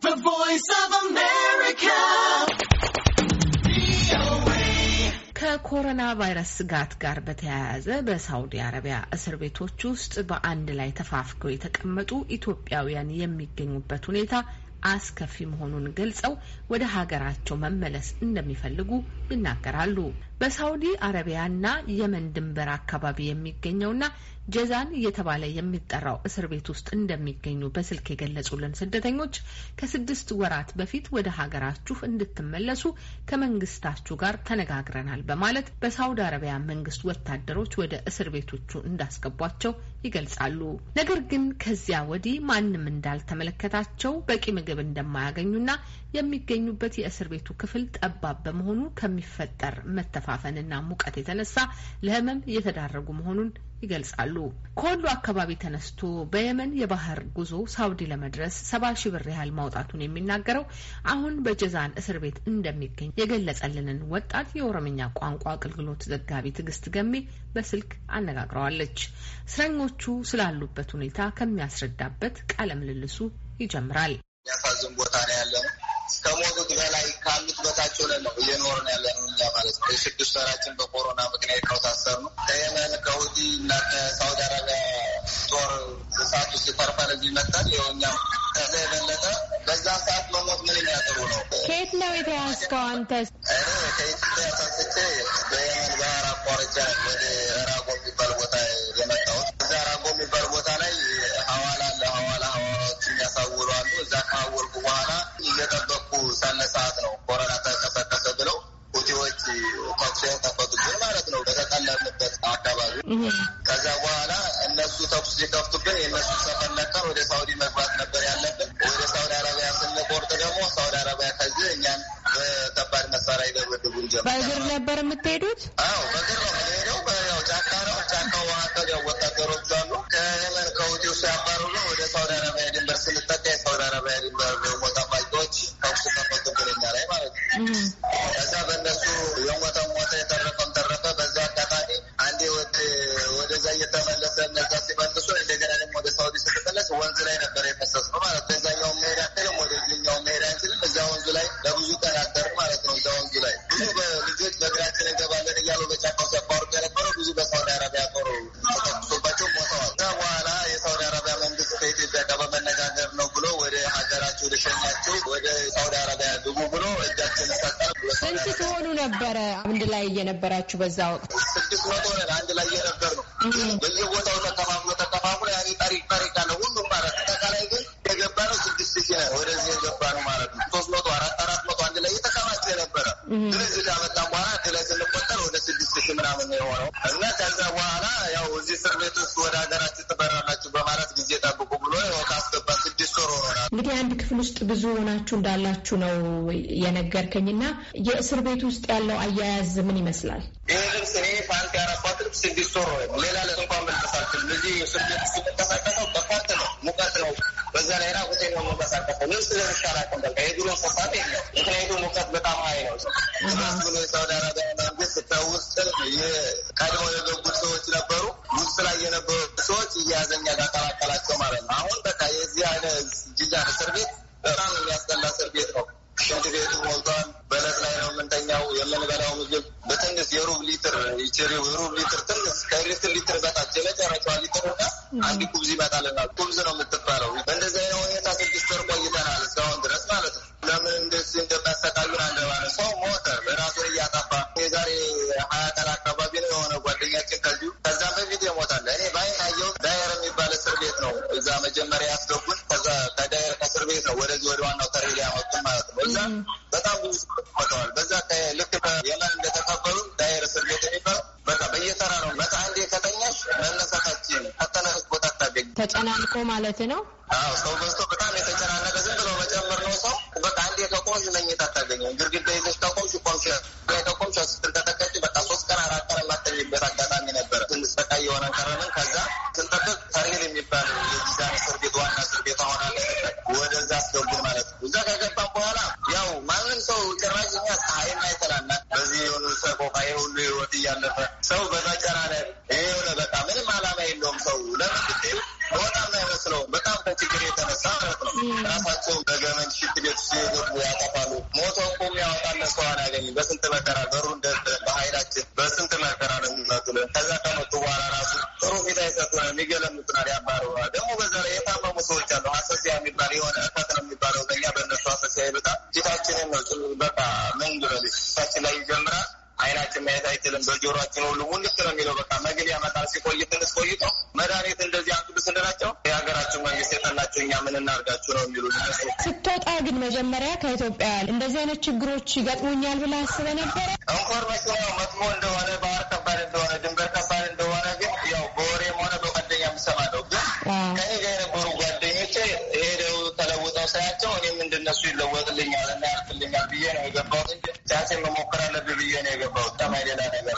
The Voice of America. ከኮሮና ቫይረስ ስጋት ጋር በተያያዘ በሳውዲ አረቢያ እስር ቤቶች ውስጥ በአንድ ላይ ተፋፍገው የተቀመጡ ኢትዮጵያውያን የሚገኙበት ሁኔታ አስከፊ መሆኑን ገልጸው ወደ ሀገራቸው መመለስ እንደሚፈልጉ ይናገራሉ። በሳውዲ አረቢያና የመን ድንበር አካባቢ የሚገኘውና ጀዛን እየተባለ የሚጠራው እስር ቤት ውስጥ እንደሚገኙ በስልክ የገለጹልን ስደተኞች ከስድስት ወራት በፊት ወደ ሀገራችሁ እንድትመለሱ ከመንግስታችሁ ጋር ተነጋግረናል በማለት በሳውዲ አረቢያ መንግስት ወታደሮች ወደ እስር ቤቶቹ እንዳስገቧቸው ይገልጻሉ። ነገር ግን ከዚያ ወዲህ ማንም እንዳልተመለከታቸው፣ በቂ ምግብ እንደማያገኙና የሚገኙበት የእስር ቤቱ ክፍል ጠባብ በመሆኑ መተፋፈን መተፋፈንና ሙቀት የተነሳ ለህመም እየተዳረጉ መሆኑን ይገልጻሉ። ከወሎ አካባቢ ተነስቶ በየመን የባህር ጉዞ ሳውዲ ለመድረስ ሰባ ሺህ ብር ያህል ማውጣቱን የሚናገረው አሁን በጀዛን እስር ቤት እንደሚገኝ የገለጸልንን ወጣት የኦሮምኛ ቋንቋ አገልግሎት ዘጋቢ ትዕግስት ገሜ በስልክ አነጋግረዋለች። እስረኞቹ ስላሉበት ሁኔታ ከሚያስረዳበት ቃለ ምልልሱ ይጀምራል። የሚያሳዝን ቦታ ነው ያለ ነው። ከሞቱት በላ ካሉት በታች ሆነን ነው እየኖርን ያለነው እኛ ማለት ነው። የስድስት ወራችን በኮሮና ምክንያት ነው ታሰር ነው። ከየመን ከሁዲ እና ከሳውዲ አረቢያ ጦር ሰዓቱ ሲፈርፈር እዚህ መጣል የኛም ከዛ የበለጠ በዛ ሰዓት መሞት ምን የሚያጥሩ ነው። ከየት ነው የተያዝከው አንተ? እኔ ከኢትዮጵያ ሰንስቼ በየመን ባህር አቋርጬ ወደ ራቆ የሚባል ቦታ ተኩስ የከፈቱብን ማለት ነው። በተጠለንበት አካባቢ ከዛ በኋላ እነሱ ተኩስ ሲከፍቱብን የእነሱ ሰፈር ለቀን ወደ ሳውዲ መግባት ነበር ያለብን። ወደ ሳውዲ አረቢያ ስንቆርጥ ደግሞ ሳውዲ አረቢያ ከዚህ እኛን በከባድ መሳሪያ ይደበድቡን ጀመር። በእግር ነበር የምትሄዱት? ወደዛ እየተመለሰ እነዛ ሲመልሱ እንደገና ደግሞ ወደ ሳውዲ ስትመለስ ወንዝ ላይ ነበር የፈሰስ ነው ማለት ነው። ዛኛው መሄድ አንችልም፣ ወደዚህኛው መሄድ አንችልም። እዛ ወንዙ ላይ ለብዙ ቀን አደር ማለት ነው። እዛ ወንዙ ላይ ብዙ ልጆች በእግራችን እንገባለን እያሉ በጫካው ሲያባሩት የነበረው ብዙ በሳውዲ አረቢያ ጦር ተተኩሶባቸው ሞተዋል። ከዛ በኋላ የሳውዲ አረቢያ መንግስት ከኢትዮጵያ ጋር በመነጋገር ነው ብሎ ወደ ሀገራቸው ልሸኛችሁ ወደ ሳውዲ አረቢያ ግቡ ብሎ እጃችን ሰጠ። ስንት ትሆኑ ነበረ አንድ ላይ እየነበራችሁ በዛ ወቅት? መቶ ነን አንድ ላይ የነበር ነው። በየቦታው ተከፋፍሎ ተከፋፍሎ ያኔ ጠሪ ጠሪቃ ነው ሁሉም ማለት አጠቃላይ ግን የገባ ነው ስድስት ሺ ነው ወደዚህ የገባ ነው ማለት ነው። ሶስት መቶ አራት አራት መቶ አንድ ላይ የተከማቸ የነበረ ግን እዚህ ካመጣን በኋላ አንድ ላይ ስንቆጠር ወደ ስድስት ሺ ምናምን የሆነው እና ከዛ በኋላ ያው እዚህ እስር ቤት ውስጥ ወደ ሀገራችሁ ትበራላችሁ በማለት ጊዜ ጠብቁ ውስጥ ብዙ ሆናችሁ እንዳላችሁ ነው የነገርከኝ እና የእስር ቤት ውስጥ ያለው አያያዝ ምን ይመስላል? ይህ ልብስ እኔ ፓንት ያረኳት ልብስ ስድስት ወር ነው። ሌላ ልብስ እንኳን ምናሳችል እዚህ እስር ቤት ውስጥ የምንቀሳቀሰው በፓንት ነው። ሙቀት ነው። በዛ ላይ ራቁቴ ነው የምንቀሳቀሰው። ልብስ ለብሻ አላውቅም። በቃ የድሮ ሰፋት የለም። ምክንያቱም ሙቀት በጣም ሀይ ነው። ራስ ብሎ የሳውዲ አረቢያ መንግስት ከውስጥ የቀድሞ የገቡት ሰዎች ነበሩ። ውስጥ ላይ የነበሩ ሰዎች እያዘኛ ጋር ቀላቀላቸው ማለት ነው። አሁን በቃ የዚህ አይነት ጅጃ እስር ቤት ሊትር ሊትርትን ከሪፍት ሊትር በታችለ ጨረቷ ሊትር እና አንድ ኩብዝ ይመጣልና ኩብዝ ነው የምትባለው። በእንደዚህ አይነት ሁኔታ ስድስት ወር ቆይተናል እስካሁን ድረስ ማለት ነው። ለምን እንደዚህ እንደሚያሰቃዩን አንደባለ ሰው ሞተ፣ ራሱን እያጠፋ የዛሬ ሀያ ቀን አካባቢ ነው የሆነ ጓደኛችን ከዚሁ ከዛ በፊት የሞታለ እኔ በአይን አየሁት። ዳየር የሚባል እስር ቤት ነው እዛ መጀመሪያ ያስገቡን። ከዛ ከዳየር ከእስር ቤት ነው ወደዚህ ወደ ዋናው ተሬ ሊያመጡን ማለት ነው። እዛ በጣም ብዙ ሞተዋል። በዛ ልክ የመን እንደ ተጨናንቆ ማለት ነው። ሰው በዝቶ በጣም የተጨናነቀ ዝም ብሎ መጨመር ነው። ሰው በቃ አንድ ከቆምሽ መኝታ አታገኘም። ግርግዳ ይዘሽ ከቆምሽ ቆምሽ ከቆምሽ ስትል ተጠቀጭ በቃ ሶስት ቀን አራት ቀን የማጠኝበት አጋጣሚ ነበረ። ትንሽ የሆነ የሆነን ከረምን። ከዛ ስንጠብቅ ተሬል የሚባል የዲዛይን እስር ቤት ዋና እስር ቤት ሆናለ ወደዛ አስገቡን ማለት ነው። እዛ ከገባ በኋላ ያው ማንም ሰው ጭራሽኛ ኛ ፀሐይና የተላና በዚህ የሆኑ ሰቆቃ የሁሉ ህይወት እያለፈ ሰው በዛ ራሳቸው በገመድ ሽት ቤት ሲገቡ ያጠፋሉ። ሞቶ እኮ የሚያወጣለ ሰው አናገኝም። በስንት መከራ በሩ በሀይላችን በስንት መከራ ነው የሚመጡልን። ከዛ ከመጡ በኋላ ራሱ ጥሩ ፊት አይሰጡንም፣ ይገለምጡናል፣ ያባረዋል። ደግሞ በዛ ላይ የታመሙ ሰዎች አሉ። አሰሲያ የሚባል የሆነ እፈት ነው የሚባለው በእኛ በእነሱ አሰሲያ ይሉታል። ፊታችንን ነው በቃ ምን ልበል ፊታችን ላይ ይጀምራል አይናችን ማየት አይችልም። በጆሮችን ሁሉ ሙልት ነው የሚለው በቃ መግል ያመጣል። ሲቆይትን ስቆይቶ መድኃኒት እንደዚህ አቅዱ ስንላቸው የሀገራችን መንግስት የተናችሁ እኛ ምን እናርጋችሁ ነው የሚሉ። ስትወጣ ግን መጀመሪያ ከኢትዮጵያ እንደዚህ አይነት ችግሮች ይገጥሙኛል ብለ አስበ ነበረ። ኢንፎርሜሽን ያው መጥሞ እንደሆነ ባህር ከባድ እንደሆነ ድንበር ከባድ እንደሆነ ግን ያው በወሬም ሆነ በጓደኛ የምሰማለው ግን ከኔ ጋር የነበሩ ጓደኞቼ ሄደው ተለውጠው ሳያቸው እኔም እንደነሱ ይለወጥልኛል እና ያርፍልኛል ብዬ ነው የገባሁት እንጂ ቢያንስ መሞከር አለብህ ብዬ ነው የገባሁት። ሌላ ነገር